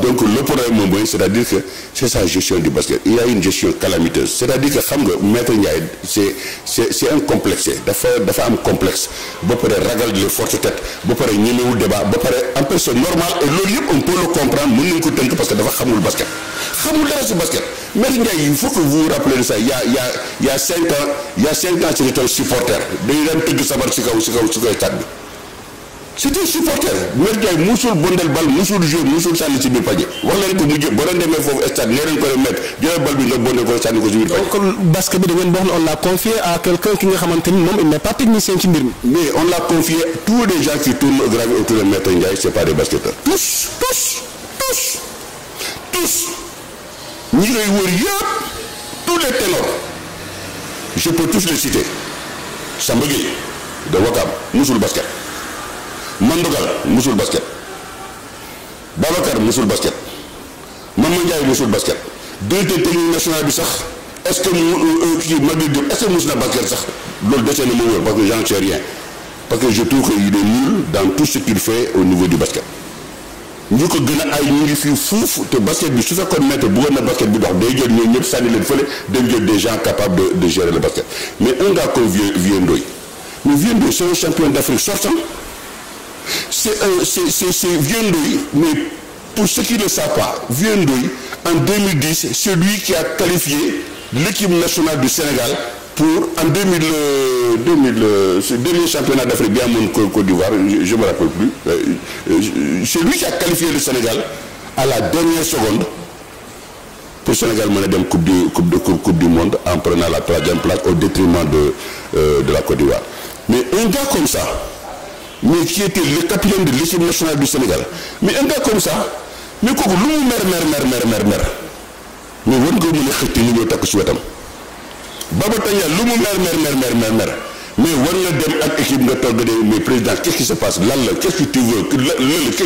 donc le problème moom mooy c'est-à-dire que c'est sa gestion du basket il a une gestion calamiteuse c'est-à-dire que xam nga maître Ndiaye c'est c'est c'est un complexe dafa dafa am complexe ba pare ragal les fortes têtes ba pare ñemewul débat ba pare en personne normal et loolu yëpp on peut le comprendre mën nañu ko tënk parce que dafa xamul basket xamul dara si basket maître Ndiaye il faut que vous de ça il y a il y a cinq cinq dañu daan tëgg si kaw si kaw si c'était supporter Maître Ndiaye musul bondel bal musul jeu musul sànni si biir paje wax leen ko mu jë boo leen demee foofu stade nee leen ko remettre jëlal bal bi nga bondel ko sànni ko si biir paje basket bi da ngeen wax ne on l'a confié à quelqu'un ki ni moom ci mbir mi mais on l'a tous les gens qui tous les ténors je peux tous les citer Samba Gueye musul basket Mandugal musul basket Babacar musul basket Mamadou Ndiaye musul basket directeur technique national bi sax est-ce que mu euh, kii Madi Diop mus na basket sax loolu dese na ma wóor parce que j'en sais rien parce que je trouve qu'il est nul dans tout ce qu'il fait au niveau du basket. ñu ko gën a ay ñu ngi fii fuuf te basket bi su fekkoon maître bëggoon na basket bi dox day jël ñoom ñëpp sànni leen fële dem jël des gens capables de de gérer basket mais un gars comme Vieux Vieux Ndoye mais Euh, c'est Vieux Ndoye, mais pour ceux qui ne le savent pas, en 2010, c'est lui qui a qualifié l'équipe nationale du Sénégal pour en 2000, mille euh, euh, ce mille championnat d'Afrique bien Côte d'Ivoire, je ne me rappelle plus. C'est lui qui a qualifié le Sénégal à la dernière seconde pour Sénégal mener une coupe, du, coupe, de, coupe, coupe, du Monde en prenant la troisième place au détriment de, de la Côte d'Ivoire. Mais un gars comme ça, mais qui était le capitaine de l'équipe nationale du Sénégal mais un gars comme ça mais kooku lu mu mer mer mer mer mer mer mais lu mer mer mer mer mer mer. mais war nga dem ak équipe nga toog de mais président qu'est-ce qui se passe lan la quest que tu veux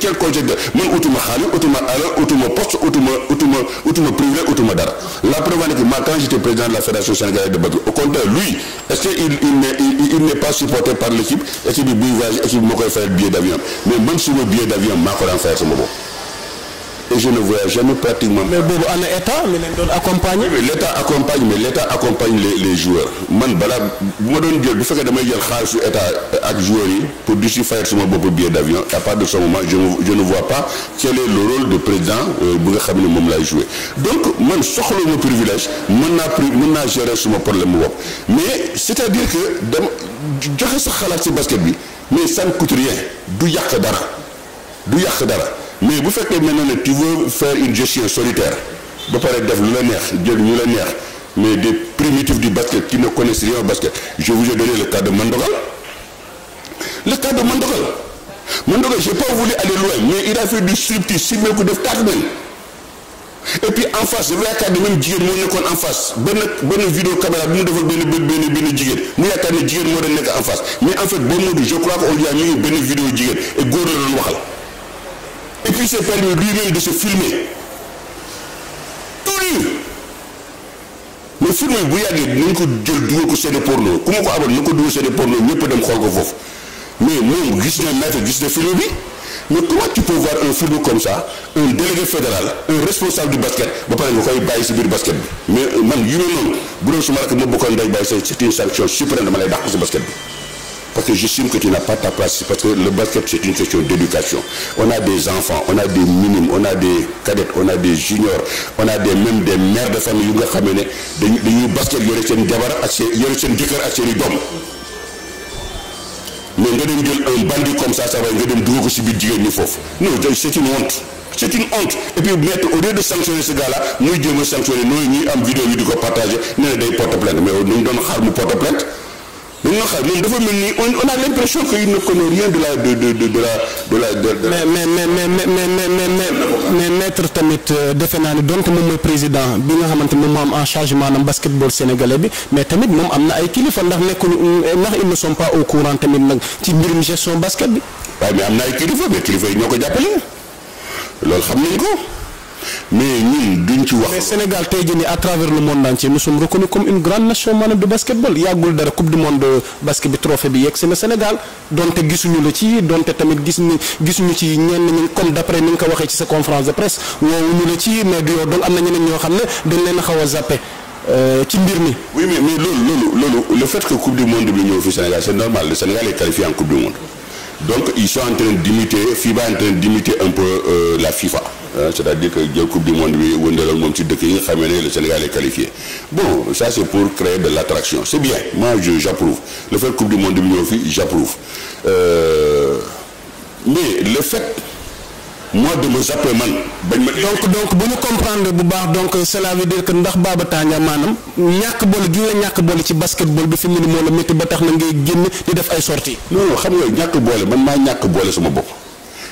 quel congé nga man utuma xaalis utuma alal utuma poste utuma utuma utuma utuma dara la ma quand j'étais président de la fédération sénégalaise de basket au contraire lui est que il il n'est pas supporté par l'équipe équipe bi buy voyage équipe moo koy fayal billet d'avion mais man suma billet d'avion maa ko daan fayal sama bopp et je ne voyage jamais boobu ana état mi leen doon accompagner. mais l' état accompagne mais l' état accompagne les les joueurs man balaa bu ma doon jël bu fekkee damay jël xaalisu état ak joueurs yi pour di si fayal sama bopp billet d' avion à part de ce moment je ne je pas quel est rôle de président euh, bu nga xam ne moom laay joué donc man soxla ma privilège mun naa pri mën naa gérer suma problème mu bopp mais c' est à dire que dama joxe sa xalaat si basket bi mais ça ne du yàq dara yàq dara. mais bu fekkee maintenant ne tu veux une gestion solitaire ba pare def lu la neex jël ñu la neex mais des primitifs du basket qui ne connaissent rien au basket je vous ai donné le cas de Mandogal le cas de Mandogal mais il a fait du si mel ko def taat mel et puis en face dafa yaakaar ne même jigéen moo nekkoon en face benn benn vidéo jigéen mu yaakaar ne jigéen moo doon nekk en mais en fait boo modu je crois que on lui a benn vidéo jigéen góor la doon waxal qu'il s'est permis lui-même de se filmer tout nu mais film yi bu yàggee nañ ko jël dugal ko seede porno ku ma ko abon na ko dugal seede porno ñëpp dem xool ko foofu mais moom gis na maître gis na film bi mais comment tu peux voir un film comme ça un délégué fédéral un responsable du basket ba pare nga koy bàyyi si biir basket bi mais man yu ne noonu bu doon suma rakk ma bokkoon day bàyyi sa c'est sanction suprême dama lay dàq si basket bi Parce que j'estime que tu n'as pas ta place. Parce que le basket, c'est une question d'éducation. On a des enfants, on a des minimes, on a des cadettes, on a des juniors, on a des, même des mères de famille qui ont des basket, ils ont mais nga dem jël un comme ça ça nga dem dugg ko si biir jigéen ñi foofu non c'est une honte c'est une honte et puis maître au lieu de sanctionner ce gars muy jéem a moom dafa mel ni on a l'impression qu'il ne connaît rien de la de de de de la de la. mais mais mais mais mais mais mais maître tamit euh, defe naa ne donc moom mooy président bi nga xamante moom moo am en charge maanaam basketball sénégalais bi mais tamit moom am na ay kilifa ndax nekkuñu ndax ils ne sont pas au courant tamit nag ci mbirum gestion basket bi. waaw mais am na ay kilifa mais kilifa yi ñoo ko jàppale loolu xam nañ ko. mais ñun duñ ci wax. mais Sénégal tey jii à travers le monde entier nous sommes reconnus comme une grande nation maanaam de basketball yàggul dara coupe du monde basket bi trophée bi yegg si na Sénégal donte gisuñu la ci donte tamit gis ni gisuñu ci ñenn ñi comme d' après ni nga ko waxee ci sa conférence de presse woowuñu la ci mais du yow doon am na ñeneen ñoo xam ne dañ leen a xaw a euh, ci mbir mi. oui mais mais loolu loolu loolu le fait que coupe du monde bi ñëw fi Sénégal c' Euh, c'est-à-dire que jël coupe du monde bi wëndeloon moom ci dëkk yi nga xamee ne le Sénégal est qualifié bon ça c'est créer de l'attraction c'est bien moi je j'approuve le fait coupe du monde bi ñëw fii j'approuve euh, mais le fait moi de me zapper man bañ ma. donc donc bu ñu comprendre bu baax donc cela veut dire que ndax Baba Tandian maanaam ñàkk boole gi la ñàkk boole ci basketball bi fi mu ne moo la métti ba tax na ngay génn di def ay sorties. non xam nga ñàkk boole man maa ñàkk boole sama bopp.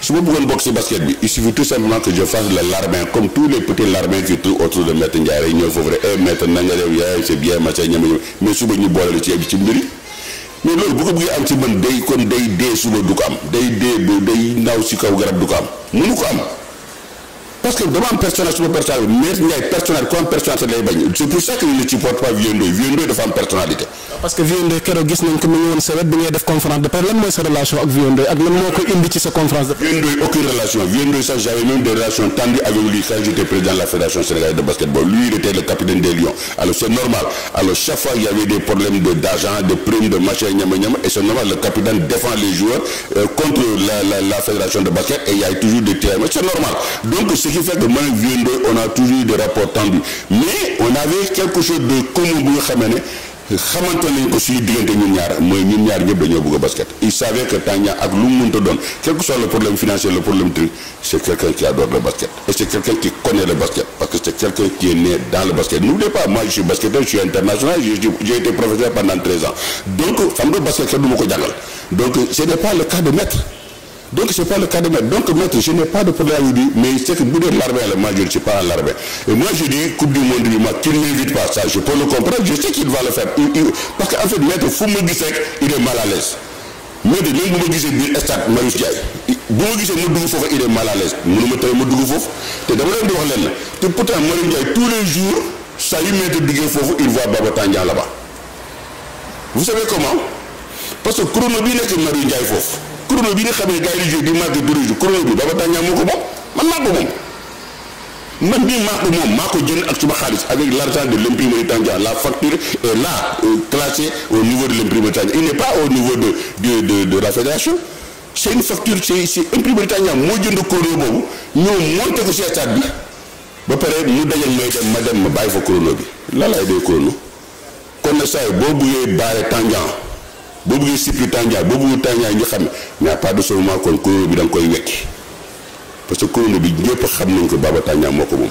su ma bëggoon bokk ci basket bi il suffit tout simplement que je fasse le larbin comme tous les petits larbins qui tournent autour de maître Ndiaye rek ñëw foofu rek eh maître na nga def yaay c'est bien macha ñeme ñeme mais suba ñu boole la ci yëpp ci mbiri mais loolu bu ko bëggee am ci man day kon day dee suba du ko am day dee day naaw si kaw garab du ko am mënu ko am. parce que dama am personnage suma personnalité maître Ndiaye personnalité comme personnalité lay bañ c'est pour ça que ñu pas vieux Ndoye vieux Ndoye dafa am personnalité. parce que vieux Ndoye keroog gis nañ ko mu ngi woon sa wet bi ngay def conférence de presse mooy sa relation ak vieux Ndoye ak moo ko indi ci sa conférence de presse. vieux Ndoye aucune relation vieux Ndoye sax j'avais même des relations tendues avec lui quand j'étais président la fédération sénégalaise de basketball qui fait que man ak Vieux on a toujours des rapports tendus mais on avait quelque chose de commun bu nga xamee ne. xamante nañ ko diggante ñun ñaar mooy ñun ñaar ñëpp dañoo bëgg basket il savait que Tania ak lu mu mënta doon quel soit le problème financier le problème truc c' quelqu'un qui adore le basket et quelqu'un qui connaît le basket parce que c' quelqu'un qui est né dans le basket n'oubliez pas moi je suis basketteur je donc c'est pas le cas de maître donc maître je n'ai pas de problème avec lui mais c'est que bu dee l'armée la moi je ne suis pas à l'armée et moi je dis coupe ma qu'il pas ça je peux le comprendre je sais qu'il va le faire parce que en fait maître fu ma gis rek il mal à l'aise maître même bu ma gisee biir stade Marius Ndiaye bu ma gisee ma dugg foofu il est mal à l'aise mënu ma tere ma dugg foofu te dama leen di wax leen te pourtant Marius Ndiaye tous les jours saa yu maître duggee foofu il voit Baba parce que chrono bi nekk Marius Ndiaye chrono bi nga xam ne gars yi di joué di chrono bi Baba Tandian moo ko moom man maa ko moom man mii maa ko moom maa ko jën ak suma xaalis avec l' argent de l' imprimerie Tandian la facture la là euh, classée niveau de l' imprimerie il n' est pas au niveau de de de la fédération c' est une facture c' est c' est moo jënd chrono boobu ñoo monté ko ci stade bi ba pare mu dajal may dem ma dem ma bàyyi fa chrono bi lan dee chrono kon nag saa yi boo buggee baare Tandian. boo bëggee sippi tànjaay boo bëggul tànjaay ñu xam mais à part de ce moment kon kuréel bi danga koy wekki parce que kuréel bi ñëpp xam nañ ko Baba Tandian moo ko moom.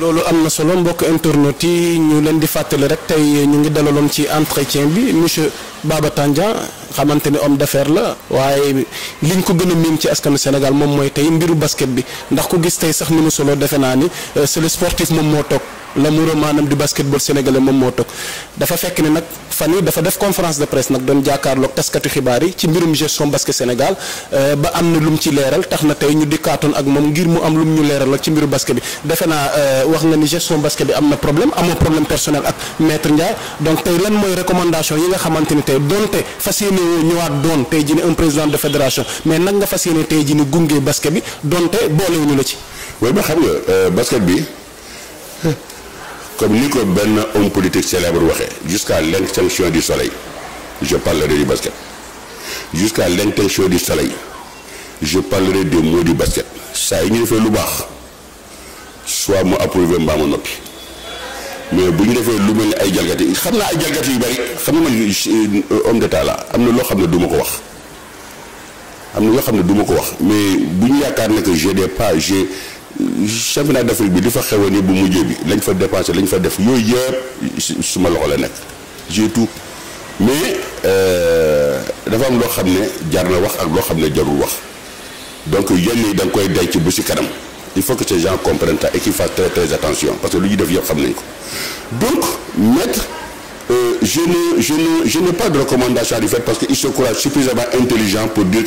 loolu am na solo mbokk internet yi ñu leen di fàttali rek tey ñu ngi dalaloon ci entretien bi monsieur baaba Tandian xamante ne homme d'affaires la waaye li liñ ko gën a ci askanu Sénégal moom mooy tey mbiru basket bi ndax ku gis tey sax ni nu solo defe naa ni euh, c'est le sportif moom moo toog. l'amoureux maanaam du basketball sénégalais moom moo toog dafa fekk ne nag fan yi dafa def conférence de presse nag doon jàkkaarloog taskatu xibaar yi ci mbirum gestion basket Sénégal euh, ba am na lu mu ci leeral tax na tey ñu dikkaatoon ak moom ngir mu am lu mu ñu leeral ci mbiru basket bi defe naa euh, wax nga ni gestion basket bi am na problème amoo problème personnel ak maître Ndiaye donc tey lan mooy recommandation yi nga xamante ni tey donte fas yéene ñëwaat doon tey ji ni un président de fédération mais nag nga fas yéene tey ji ni gunge basket bi donte boolewuñu la ci. waaye xam nga euh, basket bi. comme ni ko benn homme politique célèbre waxee jusqu'à l'extinction du soleil je parlerai du basket jusqu'à l'extinction du soleil je parlerai des mots du basket saa yi ñu defee lu baax soit mu approuvé mbaa ma noppi mais bu ñu defee lu mel ni ay jalgati xam naa ay jalgati yu bari xam nga man euh, homme d'état la am na loo xam ne duma ko wax am na loo xam ne duma ko wax mais bu ñu yaakaar ne que j'ai des pas j'ai championnat d'Afrique bi li fa xewoon yëpp bu mujjee bi lañ fa dépensé lañ fa def yooyu yëpp suma loxo la nekk j'ai mais euh, dafa am loo xam ne jar na wax ak loo xam ne jarul wax donc yenn yi da nga koy denc bu si kanam il faut que ces gens comprennent ça et qu'ils fassent très très attention parce que lu ñuy def yëpp xam nañ ko donc maître euh, je ne je ne je n'ai pas de recommandation à lui parce que il se croit suffisamment intelligent pour dire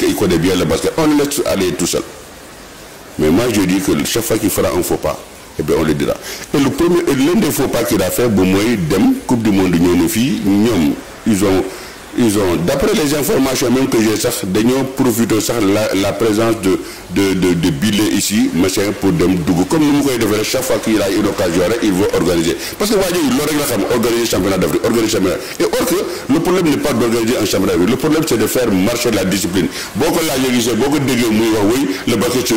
Mais moi, je dis que chaque fois qu'il fera un faux pas, eh on le dira. Et le premier, l'un des faux pas qu'il a mooy Dem, Coupe du Monde, nous, filles, ils ont ils ont d'après les informations même que j'ai sax dañoo profité sax la la présence de de de de billets ici machin pour dem dugg comme ni mu koy defee rek chaque fois a une rek il veut organiser parce que waa ji loolu rek la xam organiser championnat d'Afrique organiser championnat et or le problème n'est pas d'organiser un championnat d'Afrique le problème c'est de faire marcher la discipline boo ko laajee gisee boo ko déggee muy wax oui le basket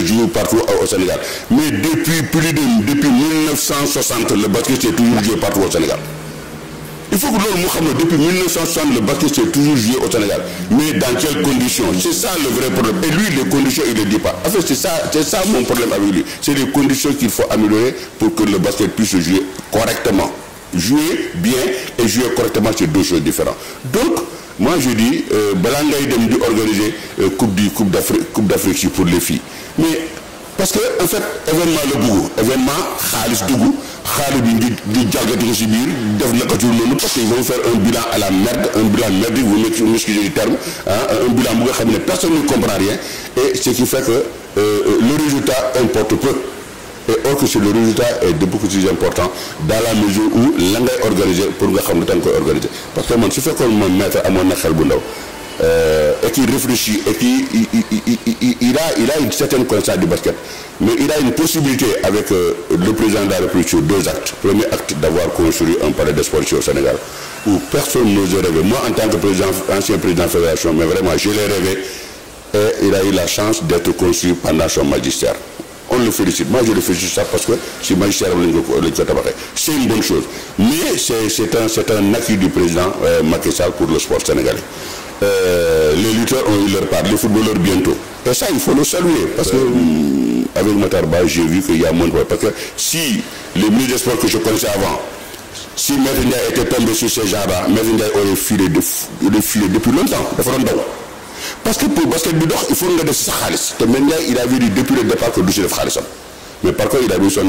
il faut que loolu mu xam ne depuis 1960 le basket c'est toujours joué au Sénégal mais dans quelles conditions c'est ça le vrai problème et lui les conditions il ne dit en fait c'est ça mon problème avec lui c'est les conditions qu'il faut améliorer pour que le basket puisse jouer correctement jouer bien et jouer correctement c'est deux choses différentes donc moi je dis euh, balaa ngay dem di organiser euh, coupe du coupe d'Afrique coupe d'Afrique pour les filles mais parce que en fait événement la bugg événement xaalis dugg xaalis bi di di jàggati ko si biir def naka jur noonu parce que ils vont faire un bilan à la merde un bilan merdique vous m'excusez du terme ah un bilan bu nga xam ne personne ne comprend rien et ce qui fait que euh, euh, le résultat importe peu et or que le résultat est de beaucoup plus important dans la mesure où la ngay organiser pour nga xam ne da nga koy organiser parce que man su fekkoon man maître amoon na xel bu ndaw euh, et qui réfléchit et qui il, il, a, il a une certaine conscience du basket. Mais il a une possibilité avec euh, le président de la République sur deux actes. Premier acte d'avoir construit un palais de sport au Sénégal où personne n'ose rêver. Moi, en tant que président, ancien président de la fédération, mais vraiment, je l'ai rêvé et il a eu la chance d'être construit pendant son magistère. On le félicite. Moi, je le félicite ça parce que si magistère c'est une bonne chose. Mais c'est président euh, Macky Sall le sport sénégalais. euh, les lutteurs ont eu leur part, les footballeurs bientôt. Et ça, il faut le saluer. Parce que, euh, avec Matarba, j'ai vu qu'il y a moins de. Parce que si les milieux de sport que je connaissais avant, si Maître était tombé sur ces gens-là, Maître Ndiaye aurait filé, de, de filé depuis longtemps. Parce que pour basket du il faut regarder sa khalis. Maître Ndiaye, il avait dit depuis le départ que Douché de Khalisam. Mais par contre, il a mis son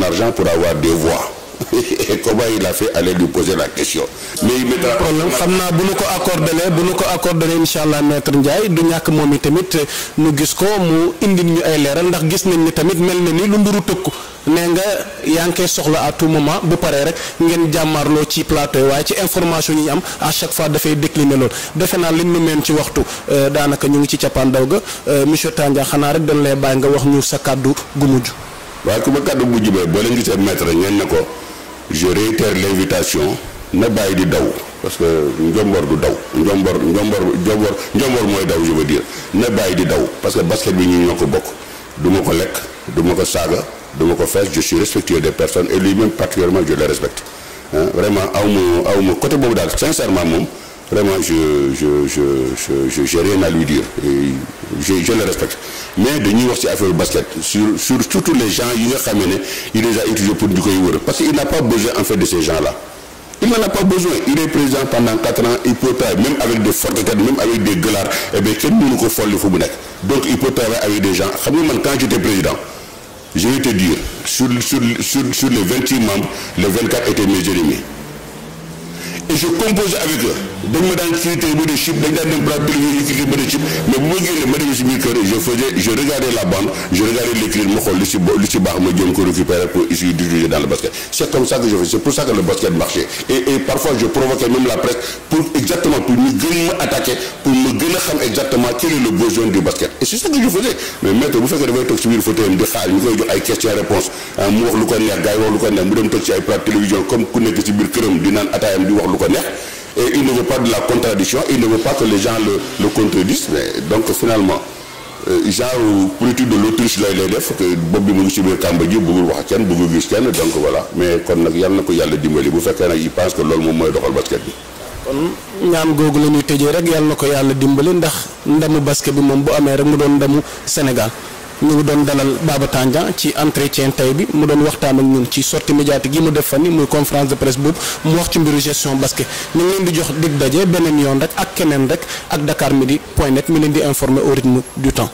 et comment la a fait aller lui poser la question. mais il mettra problème xam naa bu ñu ko accordalee bu ñu ko accordalee incha allah maître Ndiaye du ñàkk moom i tamit ñu gis ko mu indi ñu ay leeral ndax gis nañ ni tamit mel na ni lu nduru tëkku nee nga yaa ngi koy soxla à tout moment bu paree rek ngeen jàmmarloo ci plateau waaye ci information ñu am à chaque fois dafay décliner lool defe naa liñ nu meen ci waxtu euh, daanaka ñu ngi ci cappaandaw ga euh, monsieur Tandia xanaa rek dañ lay bàyyi nga wax ñu sa kàddu gu mujj. waaye ku ma kàddu gu mujj ba boo leen gisee maître ko. je réitère l'invitation na bàyyi di daw parce que njomboor du daw njomboor njomboor njomboor njomboor mooy daw je veux dire na bàyyi di daw parce que basket bi ñu ñoo ko bokk du ma ko lekk du ma ko saaga du ma ko fees je suis respectueux des personnes et lui-même particulièrement je le respecte vraiment aw ma aw ma côté boobu daal sincèrement moom Vraiment, je je je je je j'ai rien à lui dire je je le respecte mais dañuy wax ci affaire basket sur sur surtout les gens yi nga xam ne il les a utilisés pour ñu koy wër parce que il n'a pas besoin en fait de ces gens-là. Il n'en a pas besoin il est président pendant quatre ans il peut travailler même avec des fortes têtes même avec des gueulards et eh bien kenn mënu ko folli fu mu nekk donc il peut travailler avec des gens xam nga man quand j'étais président je vingt-six membres et je compose avec eux dañ ma daan critiquer ba de chip dañ dem plateau télévision ñu critiquer ba de chip mais bu ma génnee ma dem si biir kër je faisais je regardais la bande je regardais les clips ma xool lu si lu si baax ma jéem ko récupérer pour essayer d'utiliser dans le basket c' comme ça que je fais c' pour ça que le basket marchait et parfois je provoquais même la presse pour exactement pour ñu gën ma attaquer pour ma gën a xam exactement quel lu ko neex il ne veut pas de la contradiction il ne veut pas que les gens le le contredisent mais donc finalement genre euh, politique de l'autruche lay lay def bopp bi mu ngi ci biir bëggul wax kenn bëggul gis kenn donc voilà mais kon nag yàlla na ko yàlla dimbali bu fekkee nag il pense que lool moom mooy doxal basket bi. kon ñaan googu la ñuy tëjee rek yàlla na ko yàlla dimbali ndax ndamu basket bi moom bu amee rek mu doon ndamu Sénégal. ñu ngi doon dalal baaba Tandian ci entretien tay bi mu doon waxtaan ak ñun ci sorti médiatique gi mu def fa ni muy conférence de presse boobu mu wax ci mbiru gestion basket ñu ngi leen di jox dig daje beneen yoon rek ak keneen rek ak Dakar di point net mi leen di informer au rythme du temps.